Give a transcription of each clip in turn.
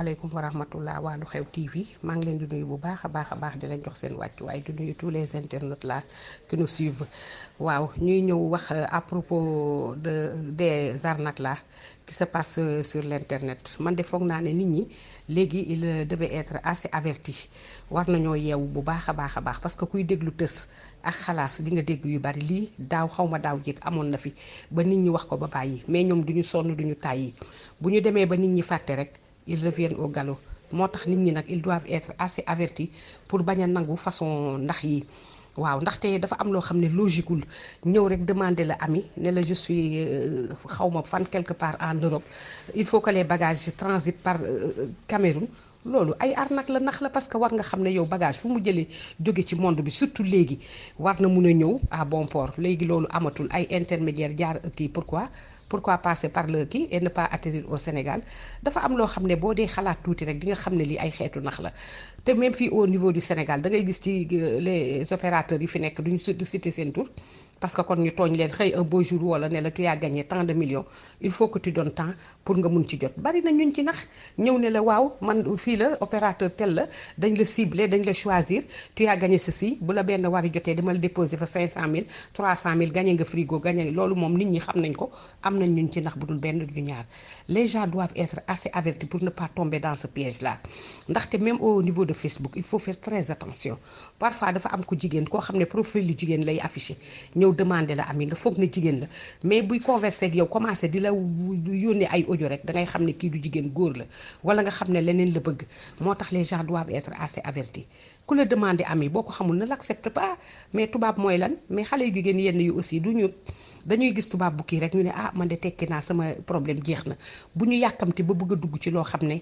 asalaamaaleykum wa rahmatullah waa Lu Xew TV maa ngi leen di nuyu bu baax a baax a baax di leen jox seen wàccuwaay di yu tous les internautes laa qui nous suivent waaw ñuy ñëw wax euh, à propos de des arnaques là qui se passe euh, sur l' internet man de naa ne nit ñi léegi il euh, devait être assez averti war nañoo yeewu bu baax a baax a baax parce que kuy déglu tës ak xalaas di nga dégg yu bari lii daaw xaw ma daaw jéeg amoon na fi ba nit ñi wax ko ba bàyyi mais ñoom ñu sonn du ñu tàyyi bu ñu demee ba nit ñi fàtte rek. ils reviennent au galop moo tax nit ñi nag ils doivent être assez avertis pour bañ a nangu façon ndax yi waaw ndaxte dafa am loo xam ne logiqueul ñëw rek demander la ami ne la je euh, xaw ma fan quelque part en Europe il faut que les bagage transitent par euh, Cameroun loolu ay arnaque la nax la parce que war nga xam ne yow bagage fu mu jëlee jóge ci monde bi surtout léegi war na mun a ñëw à bon port léegi loolu amatul ay intermédiaire jaar kii pourquoi pourquoi passer par le kii et ne pas atterrir au Sénégal dafa am loo xam ne boo dee xalaat tuuti rek di nga xam ne lii ay xeetu nax la te même fii au niveau du Sénégal da ngay gis ci euh, les opérateurs yi fi nekk duñu du cité seen tur parce que kon ñu tooñ leen xëy un beau jour wala ne la tu as gagné de millions il faut que tu donnes temps pour nga mun ci jot bari na ñun ci nax ñëw ne la waaw man fii la opérateur tel la dañ la ciblé dañ la choisir tu as gagné bu la benn wari jotee dama la déposé fa cinq 500000 300000 gagné nga frigo gagné loolu moom nit ñi xam nañ ko am nañ ñun ci nax bu dul benn du ñaar les gens doivent être assez avertis pour ne pas tomber dans ce piège là de Facebook il faut faire très attention parfois dafa am ko jigéen koo xam ne profil lu jigéen lay affiché ñëw demandé la ami nga foog ne jigéen la mais buy conversé ak yow commencé di la yónnee ay ojo rek da ngay xam ne kii du jigéen góor la wala nga xam ne leneen la bëgg moo tax les gens doivent être assez avertis ku la demandé ami boo ko xamul ne l'accepte pas mais tubaab mooy lan mais xale yu jigéen yenn yu aussi du ñu dañuy gis tubaab bu kii rek ñu ne ah man de tekki naa sama problème jeex na bu ñu yàkkamti ba bëgg a dugg ci loo xam ne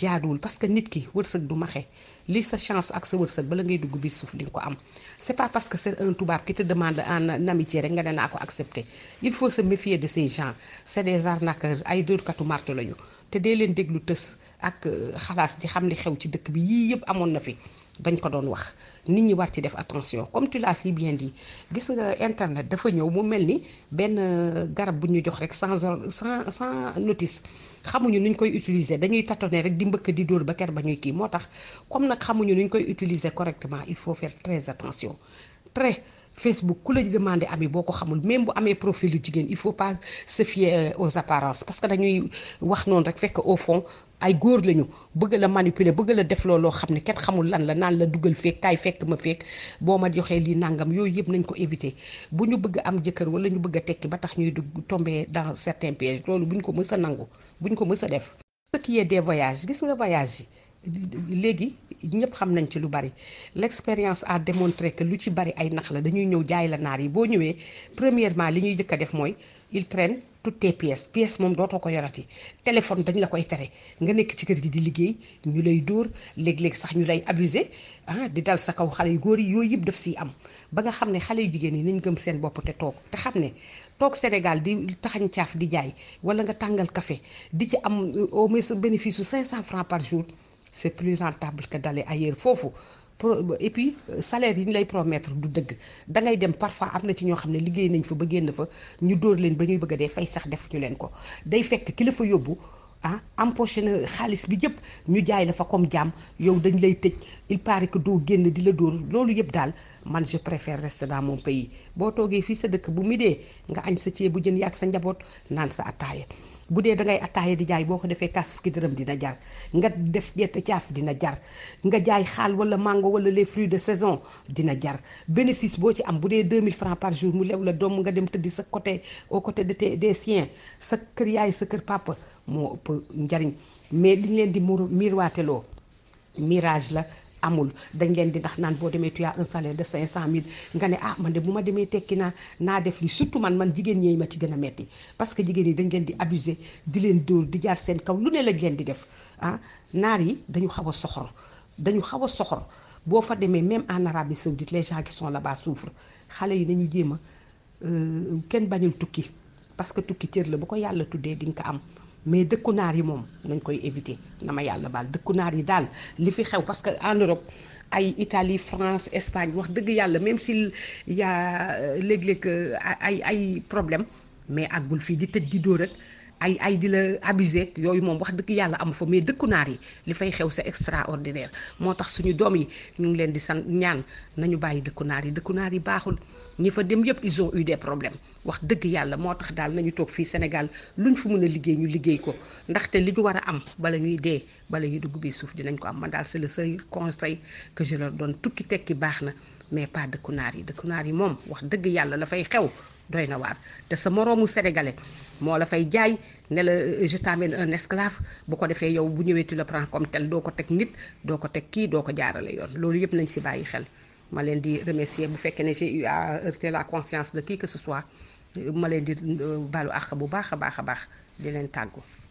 jaaduwul parce que nit ki wërsëg du maxe li sa chance ak sa wërsëg bala ngay dugg biir suuf di nga ko am c'est pas parce que c'est un tubaab qui te demande en amitié rek nga ne naa ko accepter il faut se méfier de ces gens c'est des arnaqueurs ay dóorkatu marto lañu te dee leen déglu tës ak euh, xalaas di xam ni xew ci dëkk bi yii yëpp amoon na fi dañ ko doon wax nit ñi war ci def attention comme tu l'as si bien dit gis nga internet dafa ñëw mu mel ni benn euh, garab bu ñu jox rek sans sans sans notice xamuñu nuñ koy utiliser dañuy tâtonner rek di mbëkk di dóor ba ker ba ñuy kii moo tax comme nag xamuñu nuñ koy utiliser correctement il faut faire très attention très Facebook ku la demandé ami boo ko xamul même bu amee profil lu jigéen il faut pas se fier euh, aux apparences parce que dañuy wax noonu rek fekk au fond ay góor lañu bëgg la manipuler bëgg la def looloo xam ne kenn xamul lan la naan la dugal feek kaay fekk ma feek boo ma joxee lii nangam yooyu yëpp nañ ko éviter bu ñu bëgg am jëkkër wala ñu bëgg a tekki ba tax ñuy dugg tomber dans certains pièges loolu buñ ko mës a bu ñu ko mës a def. sa qui est des voyages gis nga voyage yi léegi. ñëpp xam nañ ci lu bari l'expérience à démontré que lu ci bari ay nax la dañuy ñëw jaay la naar yi boo ñëwee premièrement li ñuy jëkk a def mooy ils prennent tout tes pièces pièces moom dootoo ko yorati téléphone dañ la koy tere nga nekk ci kër gi di liggéey ñu lay dóor léeg-léeg sax ñu lay abusé ah di dal sa kaw xale yu góor yi yooyu yëpp def si am ba nga xam ne xale yu jigéen yi nañ gëm seen bopp te toog te xam ne toog Sénégal di taxañ caaf di jaay wala nga tàngal café di ci am euh, au moins bénéfice su 500 francs par jour c'est plus rentable que d'aller ailleurs foofu et puis euh, salaire yi ñu lay promettre du dëgg da ngay dem parfois am na ci ñoo xam ne liggéey nañ fa ba génn fa ñu dóor leen ba ñuy bëgg a dee fay sax def ñu leen ko day fekk ki la fa yóbbu ah empoché na xaalis bi yëpp ñu jaay la fa comme jaam yow dañ lay tëj il paraît que doo génn di la dóor loolu yëpp daal man je préfère rester dans mon pays boo toogee fii sa dëkk bu midee nga añ sa ci bu jën yaag sa njaboot naan sa attaaya bu dee da ngay attaaya di jaay boo ko defee kaas fukki dërëm dina jar nga def gerte caaf dina jar nga jaay xaal wala mango wala les fruits de saison dina jar bénéfice boo ci am bu dee deux 2000 francs par jour mu lew la doom nga dem tëddi sa coté au côté de tes des sien sa kër yaay sa kër papa moo ëpp njariñ mais liñ leen di miroiteloo mirage la amul dañ leen di ndax naan boo demee tu as un salaire de 500000 nga ne ah man de bu ma demee tekki naa naa def li surtout man man jigéen ñi ma ci gën a metti parce que jigéen yi dañ leen di abuser di leen dóor di jaar seen kaw lu ne lañ leen di def ah, naar yi dañu xaw a soxor dañu xaw a soxor boo fa demee même en Arabie Saoudite les gens qui sont là-bas souffrent xale yi nañu jéem a euh, kenn bañul tukki parce que tukki cër la bu ko yàlla tuddee di ko am. mais dëkku naar yi moom nañ koy éviter na ma yàlla baal dëkku naar yi daal li fi xew parce que en Europe ay Italie France Espagne wax dëgg yàlla même si y a euh, léeg-léeg euh, ay ay problème mais àggul fii di tëj di dóor rek ay ay di la abuser yooyu moom wax dëgg yàlla amu fa mais dëkku naar yi li fay xew c'est extraordinaire moo tax suñu doom yi ñu ngi leen di sant ñaan nañu bàyyi dëkku naar yi dëkku yi baaxul ñi fa dem yëpp ils ont eu des wax dëgg yàlla moo tax daal nañu toog fii Sénégal luñ fi mën a liggéey ñu liggéey ko ndaxte li ñu war a am bala ñuy dee bala ñuy dugg bi suuf dinañ ko am man daal c'est le sa conseil que je leur donne tukki tekki baax na mais pas dëkku naar yi dëkku naar yi moom wax dëgg yàlla la fay xew doy na waar te sa moroomu sénégalais moo la fay jaay ne la euh, je t'amène un esclave bu ko defee yow bu ñëwee tu la prends comme tel doo ko teg nit doo ko teg kii doo ko jaarale yoon loolu yëpp nañ si bàyyi xel ma leen di remercier bu fekkee ne j'ai eu à heurter la conscience de qui que ce soit ma leen di euh, balu àq bu baax a baax a baax di leen tàggu